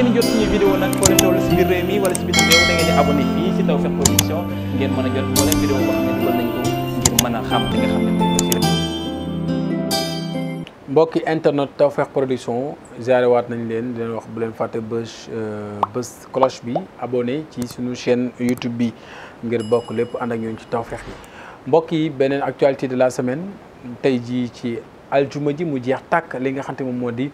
ngeen jot suñu ngeen mën a jot moo leen vidéo mën a xam li nga xam ne mbokki internet Tawfekh Production jaarewaat nañ leen di wax bu leen fàtte bës euh, bës cloche bi abonné ci suñu chaine YouTube bi ngir bokk lépp ànd ak ñoom ci Tawfekh yi mbokk yi beneen actualité de la semaine tey ji ci aljuma ji mu jeex tàkk li nga xam moom moo di.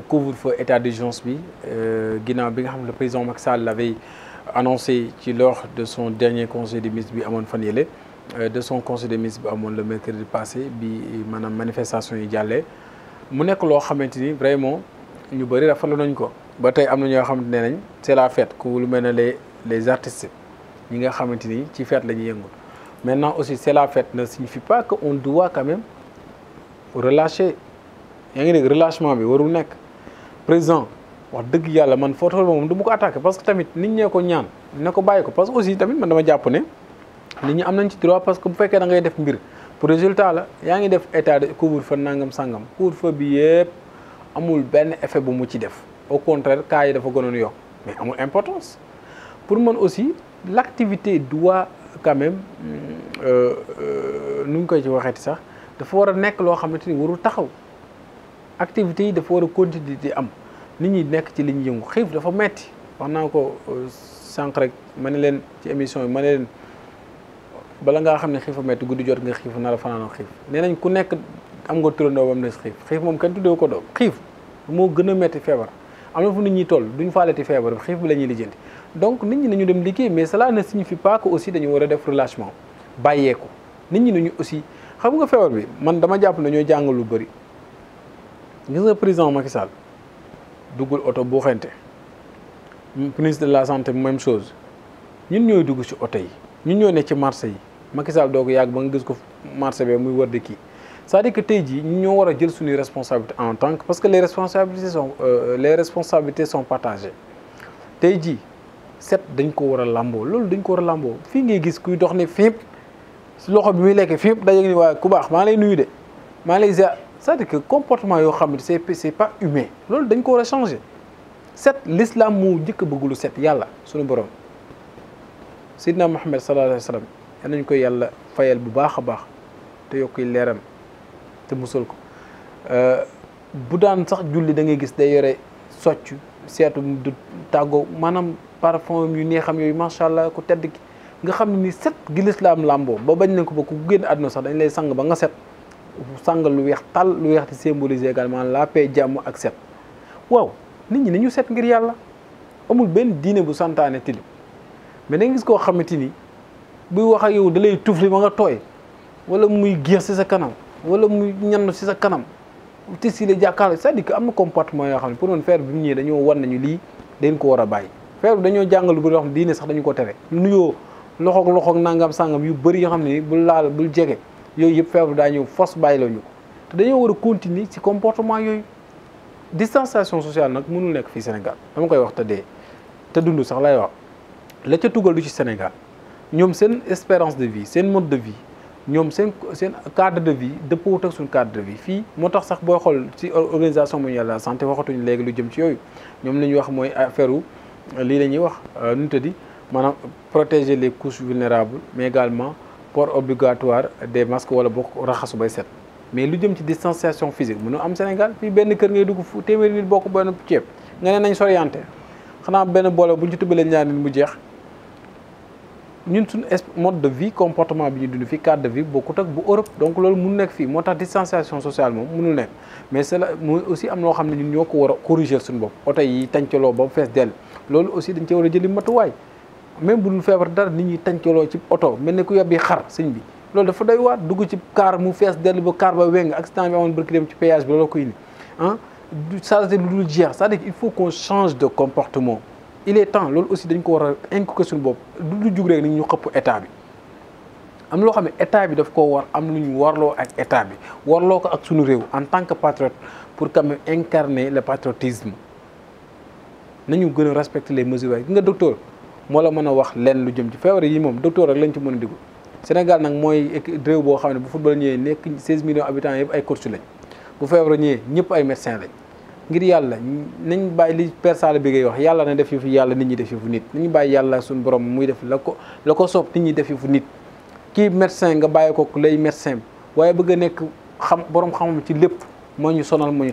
couvre-feu état d'urgence bi euh, ginnaaw bi nga xam ne le président Macky Sall l'avait annoncé ci lors de son dernier conseil des ministres bi amoon fan yële euh, de son conseil des ministres bi amoon le mercredi passé bi maanaam manifestation yi jàllee mu nekk loo xamante ni vraiment ñu bëri rafetlu nañ ko ba tey am na ñoo xamante ne nañ c'est la fête ku lu mel ne les les artistes ñi nga xamante ni ci fête la ñuy yëngu maintenant aussi c'est la fête na signifie pas que on doit quand même yaa ngi dégg relâchement bi warul nekk président wax dëgg yàlla man foo taxul moom du ko attaqué parce que tamit nit ñee ko ñaan ne ko bàyyi ko parce que aussi tamit man dama jàpp ne nit ñi am nañ ci droit parce que bu fekkee da ngay def mbir pour résultat la yaa ngi def état de couvre fa nangam sangam couvre fa bi yëpp amul benn effet bu mu ci def au contraire cas yi a gënoon yoo mais amul importance pour man aussi l'activité doit quand même euh, euh, nu ñu koy ci waxeeti sax dafa war a nekk loo xamante ni warul taxaw activités yi dafa war a continuer di am. nit ñi nekk ci li ñu yëngu xiif dafa metti wax naa ko euh, sànq rek ma ne leen ci émission yi ma ne leen bala ngaa xam ne xiif a metti guddi jot nga xiif nar a fanaanoo xiif nee nañ ku nekk am nga turandoo ba mu des xiif moom kenn tuddee ko doom xiif moo gën a metti feebar am na fu nit ñi toll duñ faaleti feebar xiif bi la ñuy lijjanti donc nit ñi nañu dem liggéey mais cela ne signifie pas que aussi dañu war a def relâchement bàyyeeku nit ñi nañu aussi xam nga feebar bi man dama jàpp ne ñooy lu bëri gis nga président Macky Sall duggul oto boo xente ministre de la santé même chose ñun ñooy dugg ci oto yi ñun ñoo ne ci marché yi Macky Sall doo ko yàgg ba nga gis ko marché bi muy war de kii c'est-à-dire que tey jii ñu ñoo war a jël suñuy responsabilité en tant que parce que les responsabilités sont euh, les responsabilités sont partagées tey jii set dañ ko war a làmboo loolu dañ ko war a làmboo fii ngay gis kuy dox ne fépp loxo bi muy lekk fépp daje ni waaye ku baax maa lay nuyu de maa c'est-à-dire que comportement yoo xam ne c'est c'est pas humain loolu dañ ko war a changer set l'islam moo njëkk bëggulu set yàlla suñu borom Seydina Muhammad sallallahu alayhi wa sallam yal nañ koy yàlla fayal bu baax a baax te yokki leeram te musal ko euh, bu daan sax julli da ngay gis day yore socc seetu du tàggoo maanaam parfum yu neexam yooyu macha allah ku tedd ki nga xam ne ni set gi l'islam làmboo ba bañ nañ ko ba ku génn àdduna sax dañ lay sang ba nga set sàngal lu weex tàll lu weex di symboliser également la paix jàmm ak set waaw nit ñi nañu set ngir yàlla amul benn diine bu santaane tilim mais da gis koo xamante ni buy wax ak yow da lay tufli ba nga tooy wala muy géex ci sa kanam wala muy ñann ci sa kanam te si la jàkkaarloo c'est-à-dire que am na comportement yoo xam ne pour man faire bi mu ñëwee dañoo wan nañu lii dañ ko war a bàyyi faire bi dañoo jàngal lu bëri yoo xam ne diine sax dañu ko tere nuyoo loxoog loxoog nangam sàngam yu bëri yoo xam ne bul laal bul jege yooyu yëpp feebar daa ñëw force bàyyi la ko te dañoo war a continuer ci comportement yooyu distanciation sociale nag mënul nekk fii Sénégal dama koy wax te dee te dundu sax lay wax la ca tugal du ci Sénégal ñoom seen espérance de vie seen mode de vie ñoom seen seen cadre de vie dëppoo ak suñ cadre de vie fii moo tax sax boo xool ci organisation mondiale de la santé waxatuñu léegi lu jëm ci yooyu ñoom la ñuy wax mooy affaire lii la ñuy wax euh, nu di tëddi maanaam les couches vulnérables mais également port obligatoire des masques wala boo raxasu bay set mais lu jëm ci distanciation physique mënu am Sénégal fii benn kër ngay dugg fu téeméeri nit bokk benn ceeb nga ne nañ soriante xanaa benn boole bu ñu ci tubbalee ñaar nit mu jeex ñun suñu mode de vie comportement bi ñu dund fii cadre de vie bokkut ak bu Europe donc loolu mun nekk fii moo tax distanciation sociale moom munul nekk mais cela mooy aussi am loo xam ne ñun ñoo ko war a corriger bopp oto yi tàncaloo ba fees dell loolu aussi dañ cee war a jëli matuwaay même bu dul feebar dara nit ñi tàncaloo ci oto mel ni ku yebbi xar sëñ bi loolu dafa day waat dugg ci kaar mu fees dell ba kaar ba weng accident bi amoon dem ci péage bi loolu ko indi lu ah, dul jeex c'est-à-dire il faut qu'on change de comportement il e temps loolu aussi dañ ko war a ko suñu bopp du jug rek ni ñu xëpp état bi am loo xam ne état bi daf ko war am lu ñu warloo ak état bi warloo ko ak suñu réew en tant que patriote pour quand même incarner le patriotisme nañu gën a respecter les mesures waaye nga docteur moo la mën a wax lenn lu jëm ci feebar yi moom docteur rek lañu ci mën a diggu Sénégal nag mooy réew boo xam ne bu football ñëwee nekk 16 millions habitants yëpp ay coach lañ bu feebar ñëwee ñëpp ay médecin lañ ngir yàlla nañ bàyyi li Père Sall bi ngay wax yàlla na def yu fi yàlla nit ñi def fu nit nañu bàyyi yàlla suñu borom muy def la ko la ko soob nit ñi def yu fu nit kii médecin nga bàyyi ko lay médecin waaye bëgg a nekk xam boroom xamam ci lépp moo ñu sonal moo ñu